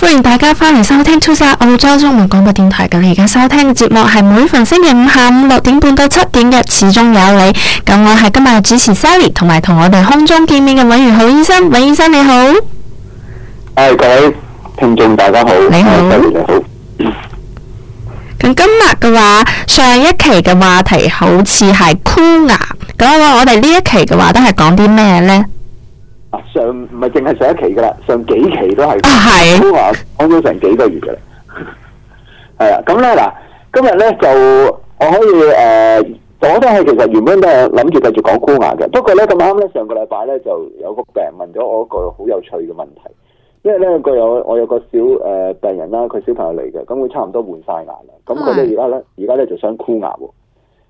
歡迎大家翻嚟收聽 To s 澳洲中文廣播電台。咁你而家收聽節目係每逢星期五下午六點半到七點嘅始終有你。咁我係今日主持 Sally，同埋同我哋空中見面嘅尹元晧醫生，尹醫生你好。係各位聽眾大家好。你好。你好。咁今日嘅話，上一期嘅話題好似係箍牙，咁我我哋呢一期嘅話都係講啲咩呢？啊，上唔係淨係上一期噶啦，上幾期都係箍牙，講咗成幾個月噶啦，係啊，咁咧嗱，今日咧就我可以誒，我都係其實原本都係諗住繼續講箍牙嘅，不過咧咁啱咧上個禮拜咧就有個病人問咗我一個好有趣嘅問題，因為咧佢有我有個小誒、呃、病人啦，佢小朋友嚟嘅，咁佢差唔多換晒牙啦，咁佢咧而家咧而家咧就想箍牙，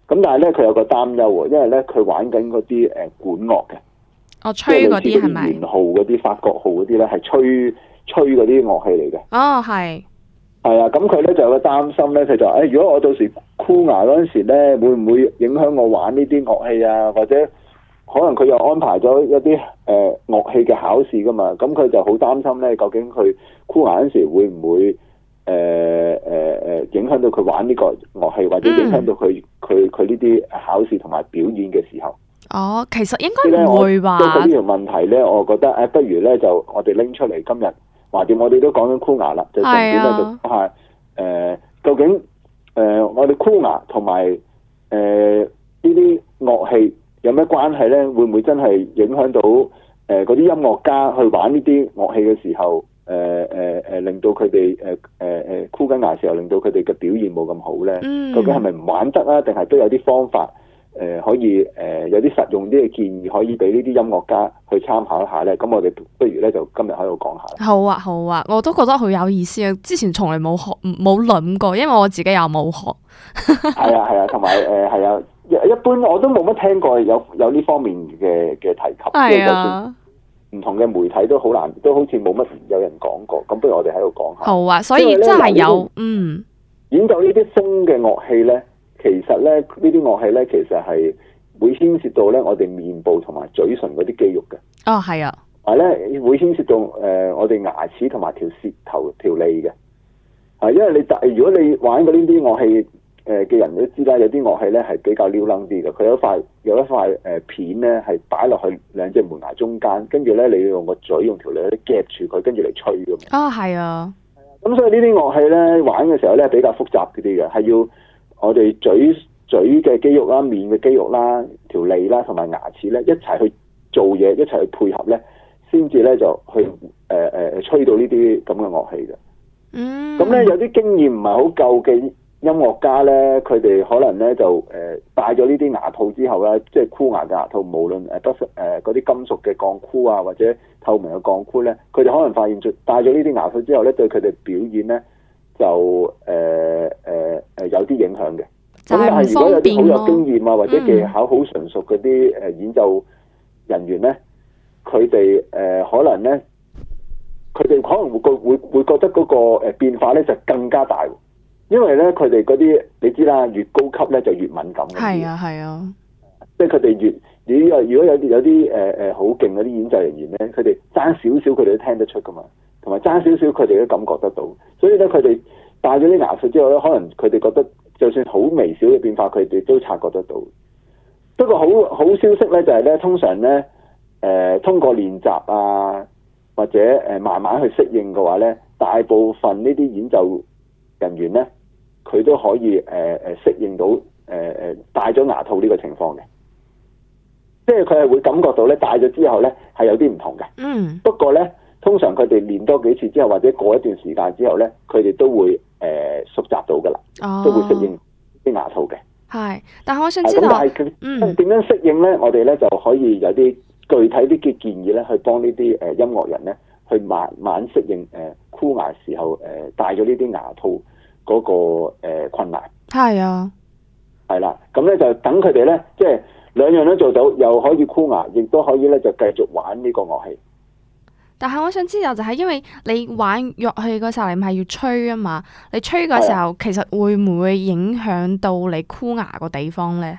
咁但係咧佢有個擔憂，因為咧佢玩緊嗰啲誒管樂嘅。哦，吹嗰啲係咪？號嗰啲法國號嗰啲咧，係吹吹嗰啲樂器嚟嘅。哦，係。係啊，咁佢咧就有個擔心咧，佢就話誒、哎，如果我到時箍牙嗰陣時咧，會唔會影響我玩呢啲樂器啊？或者可能佢又安排咗一啲誒樂器嘅考試噶嘛？咁佢就好擔心咧，究竟佢箍牙嗰時會唔會誒誒誒影響到佢玩呢個樂器，嗯、或者影響到佢佢佢呢啲考試同埋表演嘅時候？哦，其實應該唔會吧？到佢呢條問題咧，我覺得誒、啊，不如咧就我哋拎出嚟，今日話掂，我哋都講緊箍牙啦，啊、就重點就係誒，究竟誒、呃、我哋箍牙同埋誒呢啲樂器有咩關係咧？會唔會真係影響到誒嗰啲音樂家去玩呢啲樂器嘅時候，誒誒誒令到佢哋誒誒誒箍緊牙時候，令到佢哋嘅表現冇咁好咧？嗯、究竟係咪唔玩得啊？定係都有啲方法？誒、呃、可以誒、呃、有啲實用啲嘅建議可以俾呢啲音樂家去參考一下咧，咁我哋不如咧就今日喺度講下。好啊好啊，我都覺得好有意思啊！之前從來冇學冇諗過，因為我自己又冇學。係啊係啊，同埋誒係啊，一般我都冇乜聽過有有呢方面嘅嘅提及，即係就算唔同嘅媒體都好難，都好似冇乜有人講過。咁不如我哋喺度講下。好啊，所以真係有嗯有演奏呢啲新嘅樂器咧。其實咧，呢啲樂器咧，其實係會牽涉到咧我哋面部同埋嘴唇嗰啲肌肉嘅。哦，係啊。係咧、啊，會牽涉到誒、呃、我哋牙齒同埋條舌頭條脷嘅。係、啊，因為你如果你玩過呢啲樂器誒嘅、呃、人都知啦，有啲樂器咧係比較溜楞啲嘅。佢有一塊有一塊誒片咧，係擺落去兩隻門牙中間，跟住咧你要用個嘴用條脷夾住佢，跟住嚟吹。哦，係啊。咁、嗯嗯、所以呢啲樂器咧玩嘅時候咧比較複雜啲嘅，係要。我哋嘴嘴嘅肌肉啦、面嘅肌肉啦、條脷啦同埋牙齒咧，一齊去做嘢，一齊去配合咧，先至咧就去誒誒、呃、吹到呢啲咁嘅樂器嘅。嗯、mm。咁、hmm. 咧有啲經驗唔係好夠嘅音樂家咧，佢哋可能咧就誒戴咗呢啲牙套之後啦，即係箍牙嘅牙套，無論誒得誒嗰啲金屬嘅鋼箍啊，或者透明嘅鋼箍咧，佢哋可能發現出戴咗呢啲牙套之後咧，對佢哋表演咧，就誒誒誒有啲影響嘅，咁但係如果有啲好有經驗啊或者技巧好純熟嗰啲誒演奏人員咧，佢哋誒可能咧，佢哋可能會覺會會覺得嗰個誒變化咧就更加大，因為咧佢哋嗰啲你知啦，越高級咧就越敏感嘅，係啊係啊，即係佢哋越你啊，如果有有啲誒誒好勁嗰啲演奏人員咧，佢哋爭少少佢哋都聽得出㗎嘛。同埋爭少少，佢哋都感覺得到，所以咧，佢哋戴咗啲牙套之後咧，可能佢哋覺得，就算好微小嘅變化，佢哋都察覺得到。不過好好消息咧，就係咧，通常咧，誒、呃、通過練習啊，或者誒慢慢去適應嘅話咧，大部分呢啲演奏人員咧，佢都可以誒誒、呃、適應到誒誒戴咗牙套呢個情況嘅，即係佢係會感覺到咧戴咗之後咧係有啲唔同嘅。嗯。不過咧。通常佢哋練多幾次之後，或者過一段時間之後咧，佢哋都會誒熟習到噶啦，哦、都會適應啲牙套嘅。係，但係我想知道，啊、嗯，點樣適應咧？我哋咧就可以有啲具體啲嘅建議咧，去幫呢啲誒音樂人咧去慢慢適應誒箍牙時候誒、呃、帶咗呢啲牙套嗰個誒困難。係啊，係啦，咁咧就等佢哋咧，即、就、係、是、兩樣都做到，又可以箍牙，亦都可以咧就繼續玩呢個樂器。但係我想知道就係，因為你玩樂器嗰時候，你唔係要吹啊嘛，你吹嘅時候的其實會唔會影響到你箍牙個地方呢？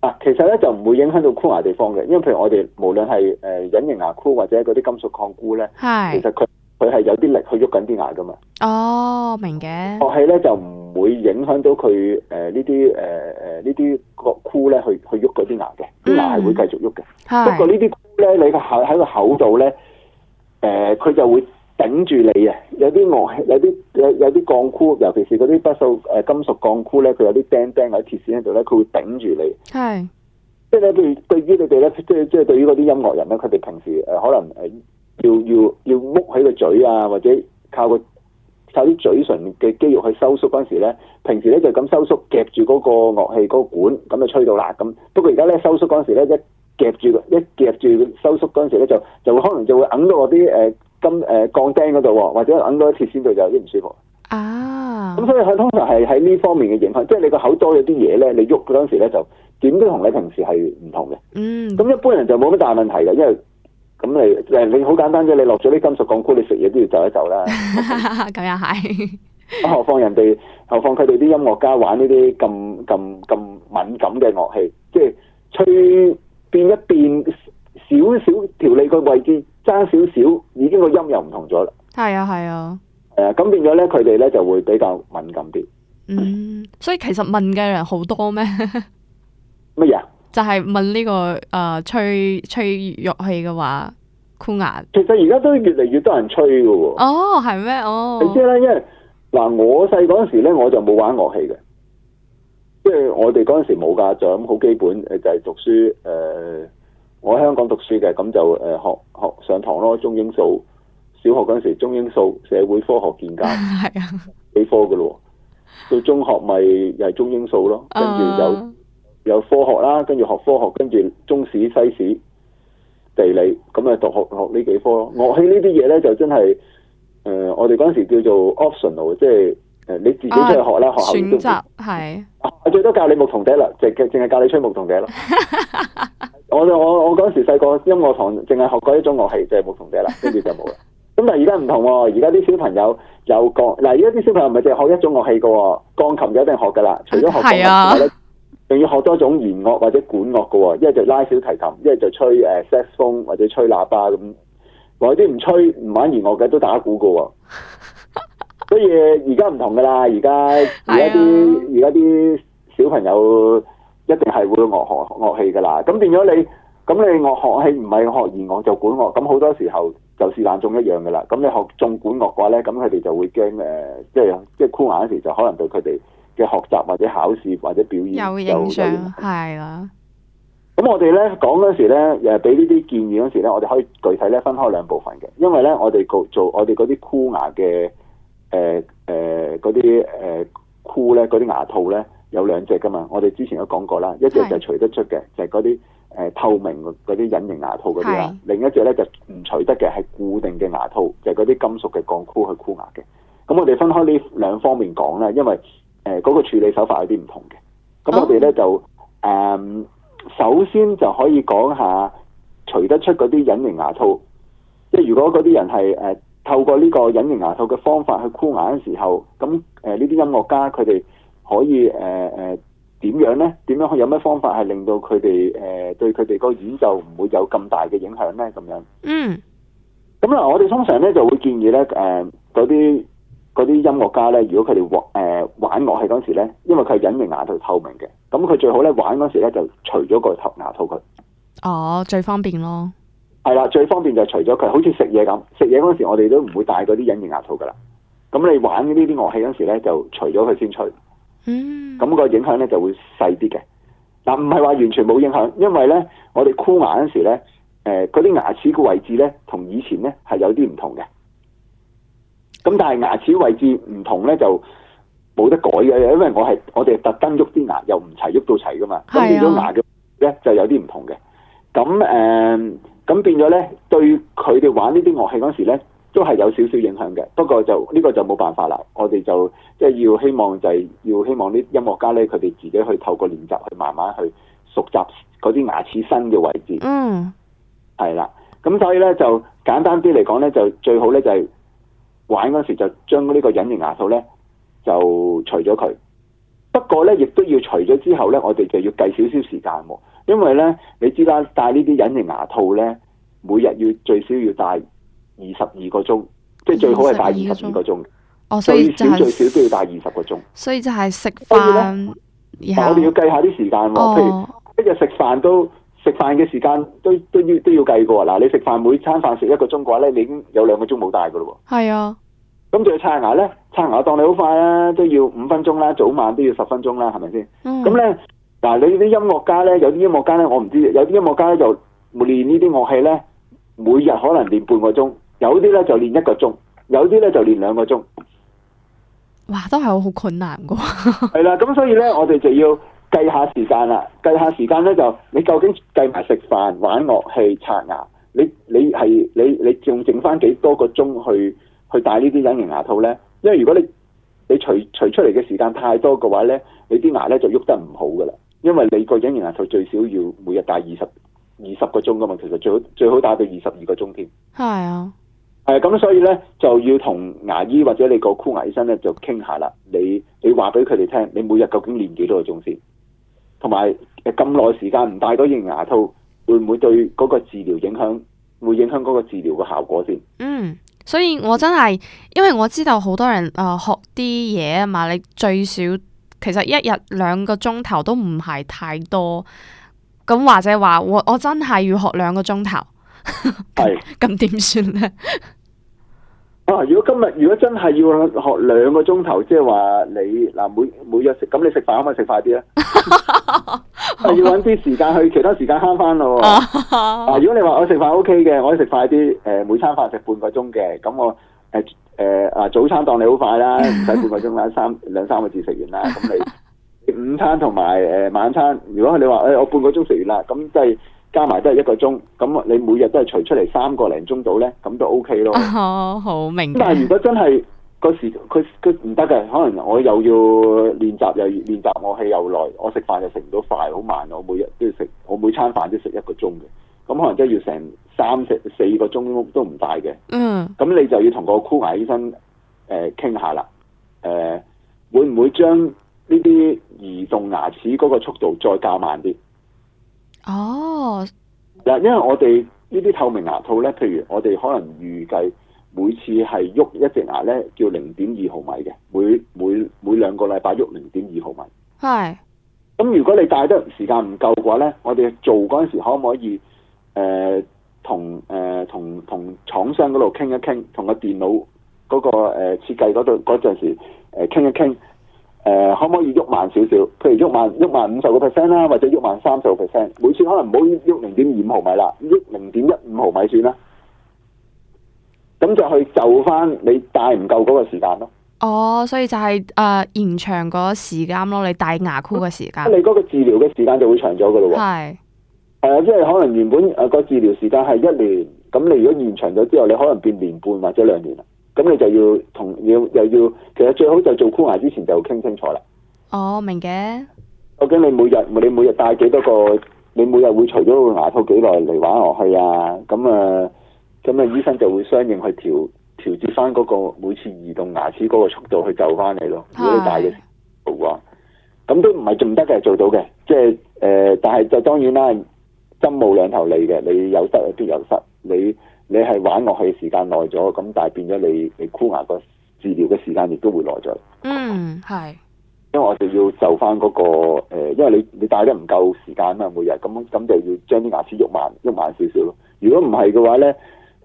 啊，其實咧就唔會影響到箍牙地方嘅，因為譬如我哋無論係誒隱形牙箍或者嗰啲金屬抗箍呢。係的其實佢。佢係有啲力去喐緊啲牙噶嘛？哦、oh，明嘅。樂器咧就唔會影響到佢誒、呃呃、呢啲誒誒呢啲骨箍咧，去去喐嗰啲牙嘅，啲牙係會繼續喐嘅。是不過呢啲箍咧，你個口喺個口度咧，誒、呃、佢就會頂住你啊！有啲樂器，有啲有有啲鋼箍，尤其是嗰啲不鏽誒金屬鋼箍咧，佢有啲釘、釘或者鐵線喺度咧，佢會頂住你。係即係咧，譬如對於你哋咧，即係即係對於嗰啲音樂人咧，佢哋平時誒可能誒。那要要要喐起個嘴啊，或者靠個靠啲嘴唇嘅肌肉去收縮嗰時咧，平時咧就咁收縮夾住嗰個樂器嗰、嗰個管，咁就吹到啦。咁不過而家咧收縮嗰時咧，一夾住一夾住收縮嗰時咧，就就會可能就會揞到嗰啲誒金誒鋼釘嗰度，或者揞到一鐵線度就有啲唔舒服。啊！咁所以佢通常係喺呢方面嘅影響，即係你個口多咗啲嘢咧，你喐嗰陣時咧就點都同你平時係唔同嘅。嗯。咁一般人就冇乜大問題嘅，因為。咁你，誒你好簡單啫！你落咗啲金屬鋼箍，你食嘢都要走一走啦。咁又係，何況人哋，何況佢哋啲音樂家玩呢啲咁咁咁敏感嘅樂器，即係吹變一變少少條脷個位置，爭少少已經個音又唔同咗啦。係啊，係啊。誒，咁變咗咧，佢哋咧就會比較敏感啲。嗯，所以其實問嘅人好多咩？乜嘢？但係問呢、這個誒、呃、吹吹樂器嘅話，箍牙。其實而家都越嚟越多人吹嘅喎。哦，係咩？哦，你知啦，因為嗱，我細嗰陣時咧，我就冇玩樂器嘅，即係我哋嗰陣時冇家長，好基本誒，就係讀書。誒、呃，我喺香港讀書嘅，咁就誒學學上堂咯，中英數。小學嗰陣時，中英數、社會、科學見 üss, 健教，係啊 對，幾科嘅咯。到中學咪又係中英數咯，跟住就。有科學啦，跟住學科學，跟住中史西史地理，咁啊讀學學呢幾科咯。樂器呢啲嘢咧就真係，誒、呃，我哋嗰陣時叫做 optional，即係誒你自己出去學啦。啊、學校學選擇係，我、啊、最多教你牧童笛啦，淨淨係教你吹牧童笛啦。我我我嗰陣時細個音樂堂淨係學過一種樂器桶就係牧童笛啦，跟住就冇啦。咁但係而家唔同，而家啲小朋友有個嗱，而家啲小朋友唔係淨係學一種樂器噶，鋼琴就一定學噶啦，除咗學鋼琴 仲要學多種弦樂或者管樂嘅喎、哦，一係就拉小提琴，一係就吹誒薩克斯風或者吹喇叭咁、嗯。或者啲唔吹唔玩弦樂嘅都打鼓嘅喎、哦。所以而家唔同嘅啦，而家而家啲而家啲小朋友一定係會學樂學樂器嘅啦。咁變咗你，咁你樂學器唔係學弦樂就管樂，咁好多時候就是但種一樣嘅啦。咁你學種管樂嘅話咧，咁佢哋就會驚誒，即係即係箍牙嗰時就可能對佢哋嘅學習或者考試或者表演有影響係啦。咁的我哋咧講嗰時咧，誒俾呢啲建議嗰時咧，我哋可以具體咧分開兩部分嘅，因為咧我哋做我哋嗰啲箍牙嘅誒誒嗰啲誒箍咧嗰啲牙套咧有兩隻噶嘛。我哋之前都講過啦，一隻就除得出嘅，的就係嗰啲誒透明嗰啲隱形牙套嗰啲啦；的另一隻咧就唔、是、除得嘅，係固定嘅牙套，就係嗰啲金屬嘅鋼箍去箍牙嘅。咁我哋分開呢兩方面講咧，因為。誒，嗰、呃那個處理手法有啲唔同嘅，咁我哋咧就誒、oh. 嗯，首先就可以講下除得出嗰啲隱形牙套，即係如果嗰啲人係誒、呃、透過呢個隱形牙套嘅方法去箍牙嘅時候，咁誒呢啲音樂家佢哋可以誒誒點樣咧？點樣有咩方法係令到佢哋誒對佢哋個演奏唔會有咁大嘅影響咧？咁樣、mm. 嗯，咁嗱，我哋通常咧就會建議咧誒嗰啲。呃嗰啲音樂家咧，如果佢哋、呃、玩誒樂器嗰時咧，因為佢隱形牙套透明嘅，咁佢最好咧玩嗰時咧就除咗個牙套佢。哦，最方便咯。係啦，最方便就除咗佢，好似食嘢咁，食嘢嗰時我哋都唔會戴嗰啲隱形牙套噶啦。咁你玩呢啲樂器嗰時咧就除咗佢先除。嗯。咁個影響咧就會細啲嘅。但唔係話完全冇影響，因為咧我哋箍牙嗰時咧，誒嗰啲牙齒個位置咧同以前咧係有啲唔同嘅。咁但係牙齒位置唔同咧，就冇得改嘅。因為我係我哋特登喐啲牙，又唔齊喐到齊噶嘛，咁、啊、變咗牙嘅咧就有啲唔同嘅。咁誒、咁、呃、變咗咧，對佢哋玩樂呢啲樂器嗰時咧，都係有少少影響嘅。不過就呢、這個就冇辦法啦，我哋就即係、就是、要希望就係、是、要希望啲音樂家咧，佢哋自己去透過練習去慢慢去熟習嗰啲牙齒新嘅位置。嗯，係啦。咁所以咧就簡單啲嚟講咧，就最好咧就係、是。玩嗰時就將呢個隱形牙套咧就除咗佢，不過咧亦都要除咗之後咧，我哋就要計少少時間、啊，因為咧你知啦，戴呢啲隱形牙套咧，每日要最少要戴二十二個鐘，即係最好係戴二十二個鐘，所以少最少都要戴二十個鐘、哦。所以就係、是、食飯，但我哋要計下啲時間喎、啊，哦、譬如一日食飯都。食飯嘅時間都都要都要計過嗱，你食飯每餐飯食一個鐘嘅話咧，你已經有兩個鐘冇帶噶啦。係啊，咁要刷牙咧，刷牙當你好快啦，都要五分鐘啦，早晚都要十分鐘啦，係咪先？咁咧、啊，嗱、嗯，你啲音樂家咧，有啲音樂家咧，我唔知，有啲音樂家咧就練呢啲樂器咧，每日可能練半個鐘，有啲咧就練一個鐘，有啲咧就練兩個鐘。哇，都係好困難噶。係 啦，咁所以咧，我哋就要。計下時間啦，計下時間咧就你究竟計埋食飯、玩樂器、刷牙，你你係你你仲剩翻幾多個鐘去去戴呢啲隱形牙套咧？因為如果你你除除出嚟嘅時間太多嘅話咧，你啲牙咧就喐得唔好噶啦。因為你個隱形牙套最少要每日戴二十二十個鐘噶嘛，其實最好最好戴到二十二個鐘添。係啊，係咁所以咧就要同牙醫或者你個箍牙醫生咧就傾下啦。你你話俾佢哋聽，你每日究竟練幾多個鐘先？同埋誒咁耐時間唔戴嗰型牙套，會唔會對嗰個治療影響？會影響嗰個治療嘅效果先？嗯，所以我真係，因為我知道好多人誒、呃、學啲嘢啊嘛，你最少其實一日兩個鐘頭都唔係太多。咁或者話我我真係要學兩個鐘頭，係咁點算呢？是啊！如果今日如果真係要學兩個鐘頭，即係話你嗱、啊、每每日食咁，你食飯可唔可以食快啲咧、 啊？要搵啲時間去，其他時間慳返咯。啊！如果你話我食飯 O K 嘅，我可以食快啲。誒、呃，每餐飯食半個鐘嘅，咁我誒誒啊，早餐當你好快啦，唔使半個鐘啦，三兩三個字食完啦。咁你午 餐同埋誒晚餐，如果你話誒、哎、我半個鐘食完啦，咁即係。加埋都係一個鐘，咁你每日都係除出嚟三個零鐘到呢，咁都 OK 咯。哦、好明。但係如果真係個時佢佢唔得嘅，可能我又要練習，又要練習我氣，我係又耐，我食飯又食唔到快，好慢，我每日都要食，我每餐飯都食一個鐘嘅，咁可能真係要成三四四個鐘都唔大嘅。嗯。咁你就要同個箍牙醫生誒傾、呃、下啦。誒、呃、會唔會將呢啲移動牙齒嗰個速度再加慢啲？哦，嗱，因為我哋呢啲透明牙套咧，譬如我哋可能預計每次係喐一隻牙咧，叫零點二毫米嘅，每每每兩個禮拜喐零點二毫米。係是。咁、嗯、如果你戴得時間唔夠嘅話咧，我哋做嗰陣時可唔可以誒同誒同同廠商嗰度傾一傾，同個電腦嗰個誒設計嗰度嗰陣時誒傾一傾。誒、呃、可唔可以喐慢少少？譬如喐慢喐慢五十個 percent 啦，或者喐慢三十個 percent。每次可能唔好喐零點二五毫米啦，喐零點一五毫米算啦。咁就去就返你戴唔夠嗰個時間咯。哦，所以就係、是、誒、呃、延長個時間咯，你戴牙箍嘅時間。你嗰個治療嘅時間就會長咗㗎咯。係是。係啊、呃，即係可能原本誒個、呃、治療時間係一年，咁你如果延長咗之後，你可能變年半或者兩年。咁、嗯、你就要同要又要，其實最好就做箍牙之前就傾清楚啦。哦，明嘅。究竟你每日你每日戴幾多個？你每日會除咗個牙套幾耐嚟玩落去啊？咁啊咁啊，醫生就會相應去調調節翻嗰個每次移動牙齒嗰個速度去就翻你咯。是如果你戴嘅度啊，咁都唔係唔得嘅，做到嘅，即係誒，但係就當然啦，針冇兩頭利嘅，你有得必有失，你。你係玩落去時間耐咗，咁但係變咗你你箍牙個治療嘅時間亦都會耐咗。嗯，係、嗰個誒。因為我哋要就翻嗰個因為你你戴得唔夠時間嘛，每日咁咁就要將啲牙齒喐慢喐慢少少咯。如果唔係嘅話咧，誒、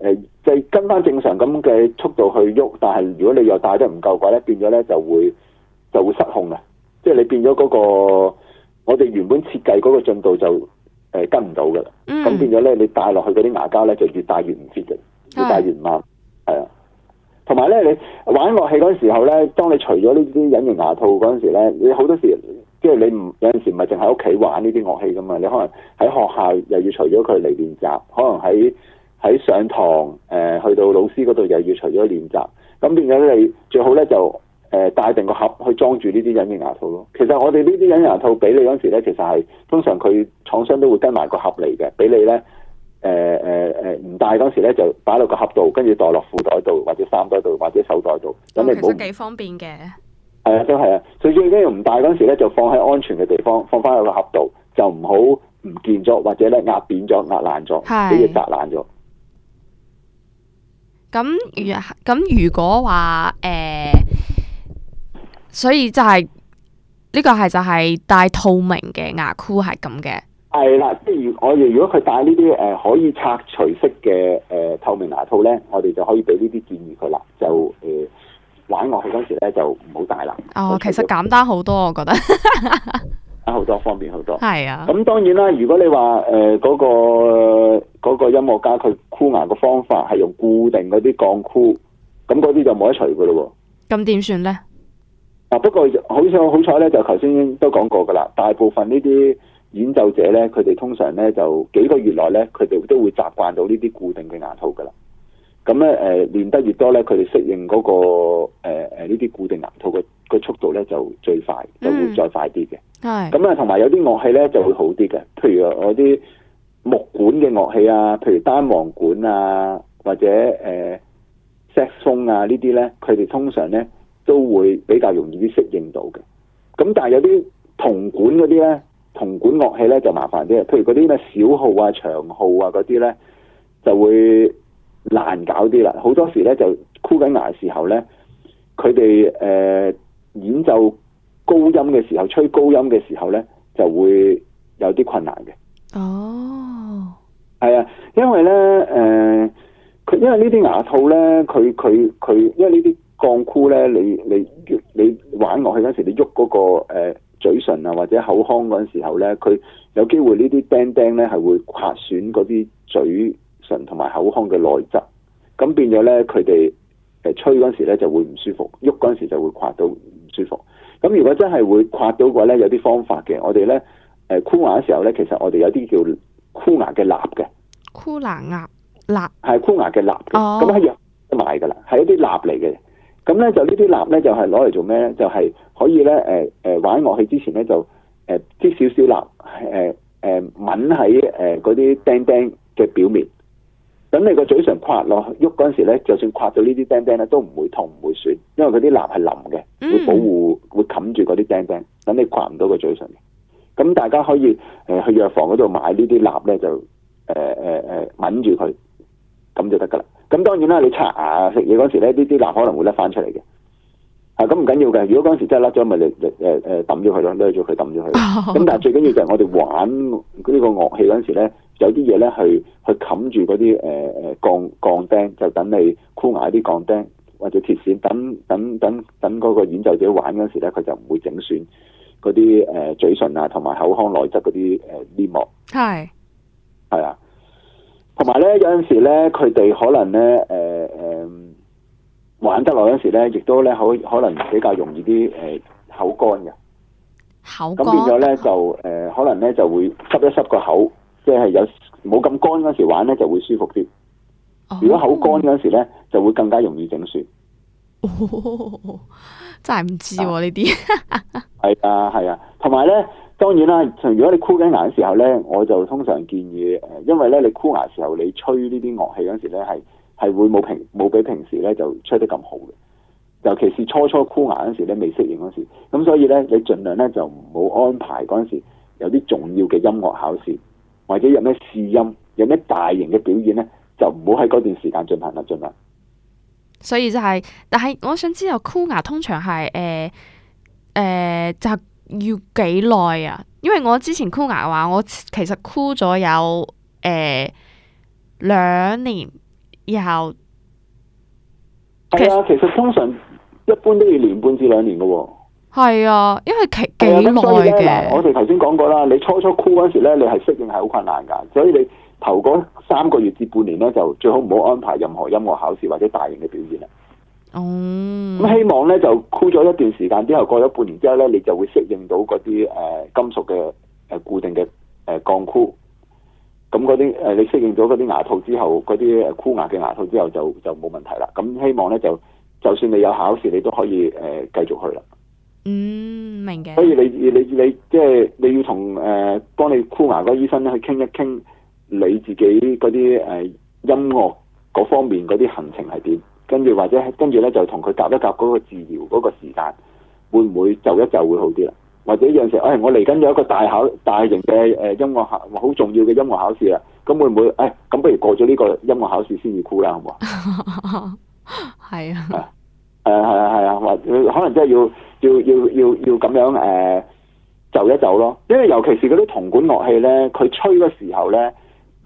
呃、就係跟翻正常咁嘅速度去喐，但係如果你又戴得唔夠嘅話咧，變咗咧就會就會失控喇！即、就、係、係、你變咗嗰、嗰個我哋原本設計嗰個進度就。誒跟唔到㗎啦，咁、嗯、變咗咧，你戴落去嗰啲牙膠咧，就越戴越唔 fit 嘅，越戴越慢係啊。同埋咧，你玩樂器嗰陣時候咧，當你除咗呢啲隱形牙套嗰陣時咧，你好多時即係、就是、你唔有陣時唔係淨喺屋企玩呢啲樂器㗎嘛。你可能喺學校又要除咗佢嚟練習，可能喺喺上堂誒、呃、去到老師嗰度又要除咗練習，咁變咗你最好咧就。誒帶定個盒去裝住呢啲隱形牙套咯。其實我哋呢啲隱形牙套俾你嗰時咧，其實係通常佢廠商都會跟埋個盒嚟嘅。俾你咧，誒誒誒唔帶嗰時咧，就擺落個盒度，跟住袋落褲袋度，或者衫袋度，或者手袋度。咁你都幾、哦、方便嘅。係啊、呃，都、就、係、是、啊。最重要唔帶嗰時咧，就放喺安全嘅地方，放翻喺個盒度，就唔好唔見咗，或者咧壓扁咗、壓爛咗，俾佢砸爛咗。咁是如咁如果話誒，嗯所以就係、是、呢、這個係就係戴透明嘅牙箍係咁嘅。係啦，即係我哋如果佢戴呢啲誒可以拆除式嘅誒、呃、透明牙套咧，我哋就可以俾呢啲建議佢啦。就誒、呃、玩落去嗰時咧就唔好戴啦。哦，除其實簡單好多，我覺得。 啊，好多方便好多。係啊。咁當然啦，如果你話誒嗰個、那個音樂家佢箍牙嘅方法係用固定嗰啲鋼箍，咁嗰啲就冇得除噶咯。咁點算咧？嗱，不過好彩好彩咧，就頭先都講過噶啦。大部分呢啲演奏者咧，佢哋通常咧就幾個月內咧，佢哋都會習慣到呢啲固定嘅牙套噶啦。咁咧誒練得越多咧，佢哋適應嗰、那個誒誒呢啲固定牙套嘅個速度咧就最快，就會再快啲嘅。係、嗯。咁啊，同埋有啲樂器咧就會好啲嘅，譬如我啲木管嘅樂器啊，譬如單簧管啊，或者誒薩克斯風啊呢啲咧，佢哋通常咧，都會比較容易啲適應到嘅，咁但係有啲銅管嗰啲咧，銅管樂器咧就麻煩啲，譬如嗰啲咩小號啊、長號啊嗰啲咧，就會難搞啲啦。好多時咧就箍緊牙嘅時候咧，佢哋誒演奏高音嘅時候，吹高音嘅時候咧就會有啲困難嘅。哦，係啊，因為咧誒，佢因為呢啲牙套咧，佢佢佢，因為呢啲。呃放箍咧，你你你玩落去嗰時，你喐嗰個誒嘴唇啊或者口腔嗰陣時候咧，佢有機會呢啲釘釘咧係會刮損嗰啲嘴唇同埋口腔嘅內側，咁變咗咧佢哋誒吹嗰陣時咧就會唔舒服，喐嗰陣時就會刮到唔舒服。咁如果真係會刮到嘅話咧，有啲方法嘅。我哋咧誒箍牙嘅時候咧，其實我哋有啲叫箍牙嘅蠟嘅，箍牙呀蠟，係箍牙嘅蠟嘅，咁係藥度買㗎啦，係一啲蠟嚟嘅。咁咧就呢啲蠟咧就係攞嚟做咩咧？就係、就是就是、可以咧誒誒玩樂器之前咧就誒擠少少蠟誒誒揾喺誒嗰啲釘釘嘅表面，等你個嘴唇刮落去喐嗰陣時咧，就算刮咗呢啲釘釘咧都唔會痛唔會損，因為嗰啲蠟係腍嘅，會保護會冚住嗰啲釘釘，等你刮唔到個嘴唇。咁大家可以誒、呃、去藥房嗰度買呢啲蠟咧就誒誒誒揾住佢，咁、呃呃、就得噶啦。咁當然啦，你刷牙食嘢嗰時咧，啲啲牙可能會甩翻出嚟嘅。啊，咁唔緊要嘅。如果嗰時真係甩咗，咪你嚟誒誒抌咗佢咯，甩咗佢抌咗佢。咁但係最緊要就係我哋玩呢個樂器嗰時咧，有啲嘢咧去去冚住嗰啲誒誒鋼鋼釘，就等你箍埋牙啲鋼釘或者鐵線，等等等等嗰個演奏者玩嗰時咧，佢就唔會整損嗰啲誒嘴唇啊同埋口腔內側嗰啲誒黏膜。係是，係啊。同埋咧，有陣時咧，佢哋可能咧，誒誒，玩得耐嗰陣時咧，亦都咧可可能比較容易啲，誒口乾嘅，口乾，咁變咗咧就，誒可能咧就會濕一濕個口，即係有冇咁乾嗰陣時玩咧就會舒服啲。哦，如果口乾嗰陣時咧，就會更加容易整雪。哦，真係唔知喎呢啲。係啊係啊，同埋咧。 當然啦，如果你箍緊牙嘅時候呢，我就通常建議誒，因為呢，你箍牙時候你吹呢啲樂器嗰時呢，係係會冇平冇比平時呢就吹得咁好嘅，尤其是初初箍牙嗰時呢，未適應嗰時，咁所以呢，你儘量呢就唔好安排嗰時有啲重要嘅音樂考試，或者有咩試音、有咩大型嘅表演呢，就唔好喺嗰段時間進行啦，儘量。所以就係、是，但係我想知道箍牙通常係誒誒就要幾耐啊？因為我之前箍牙嘅話，我其實箍咗有誒兩、呃、年以後，然後係啊。其實通常一般都要年半至兩年噶，哦。係啊，因為其幾耐嘅。啊、呢我哋頭先講過啦，你初初箍嗰時咧，你係適應係好困難噶，所以你頭嗰三個月至半年咧，就最好唔好安排任何音樂考試或者大型嘅表演啦。哦，咁、嗯、希望咧就箍咗一段時間之後，過咗半年之後咧，你就會適應到嗰啲誒金屬嘅誒固定嘅誒鋼箍。咁嗰啲誒你適應咗嗰啲牙套之後，嗰啲誒箍牙嘅牙套之後就就冇問題啦。咁、嗯、希望咧就，就算你有考試，你都可以誒繼、呃、續去啦。嗯，明嘅。所以你你你即係你、就是、你要同誒幫你箍牙嗰個醫生咧去傾一傾，你自己嗰啲誒音樂嗰方面嗰啲行程係點？跟住或者跟住咧，就同佢夾一夾嗰個治療嗰個時間，會唔會就一就會好啲啦？或者有時，哎，我嚟緊有一個大考大型嘅誒音樂考好重要嘅音樂考試啦，咁會唔會？哎，咁不如過咗呢個音樂考試先至箍啦，好唔好 是啊，啊？係、呃、啊，誒係啊係啊，或可能真係要要要要要咁樣誒、呃、就一就咯，因為尤其是嗰啲銅管樂器咧，佢吹嘅時候咧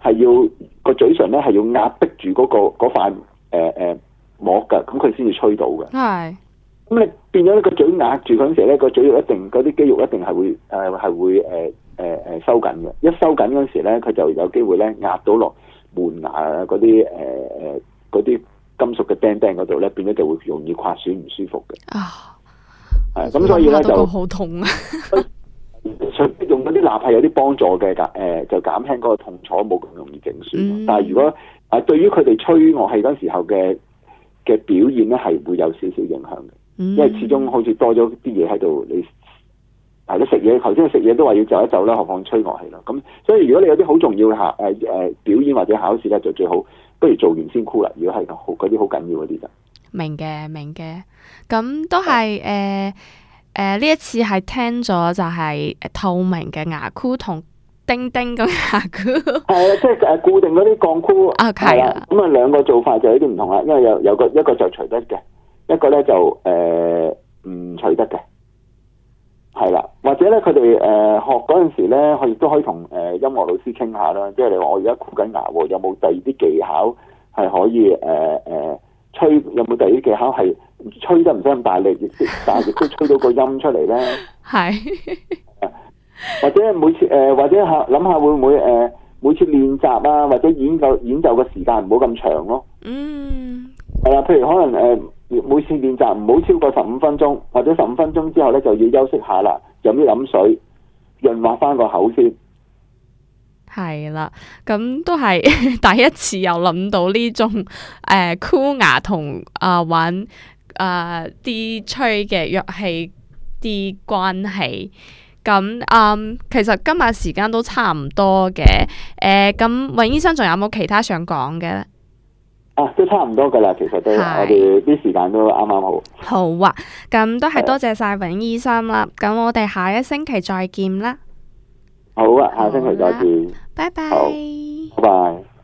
係要個嘴唇咧係要壓迫住嗰、嗰個嗰塊、呃呃呃摸噶，咁佢先至吹到噶。係咁，你變咗一個嘴壓住嗰陣時咧，個嘴肉一定，嗰啲肌肉一定係會，誒係會，誒誒誒收緊嘅。一收緊嗰陣時咧，佢就有機會咧壓到落門牙嗰啲，誒誒啲金屬嘅釘釘嗰度咧，變咗就會容易刮損，唔舒服嘅。啊，係咁、嗯，嗯、所以咧就好痛、啊。 所以用嗰啲，蠟係有啲幫助嘅誒就減輕嗰個痛楚，冇咁容易整損。但係如果啊，對於佢哋吹樂器嗰時候嘅。嘅表現咧，係會有少少影響嘅，因為始終好似多咗啲嘢喺度。你，或者食嘢，頭先食嘢都話要走一走啦，何況吹樂器咯。咁所以如果你有啲好重要嘅誒誒表演或者考試咧，就最好不如做完先箍啦。如果係好嗰啲好緊要嗰啲就明嘅，明嘅，咁都係誒誒呢一次係聽咗就係透明嘅牙箍同。釘釘咁牙係啊，即係誒，固定嗰啲鋼箍，係啊，咁啊，兩、 嗯、個做法就有啲唔同啦，因為有有一個一個就除得嘅，一個咧就誒唔除得嘅，係啦，或者咧佢哋誒學嗰陣時咧，佢亦都可以同誒音樂老師傾下啦，即係你話我而家箍緊牙，有冇第二啲技巧係可以誒誒、呃、吹，有冇第二啲技巧係吹得唔使咁大力，但係亦都吹到個音出嚟咧？係。 或者每次誒、呃，或者吓諗下會唔會誒、呃，每次練習啊，或者演奏演奏嘅時間唔好咁長咯。嗯，係啦、啊，譬如可能誒、呃，每次練習唔好超過十五分鐘，或者十五分鐘之後咧就要休息下啦，飲啲飲水，潤滑翻個口先。係啦，咁都係 第一次又諗到呢種誒箍、呃、牙同啊、呃、玩啊啲、呃、吹嘅樂器啲關係。咁嗯，其實今日時間都差唔多嘅。誒、呃，咁尹醫生仲有冇其他想講嘅咧？都差唔多噶啦，其實都是我哋啲時間都啱啱好。好啊，咁都係多謝晒尹醫生啦，咁的我哋下一星期再見啦。好啊，下星期再見。啦拜拜。拜拜好。Bye bye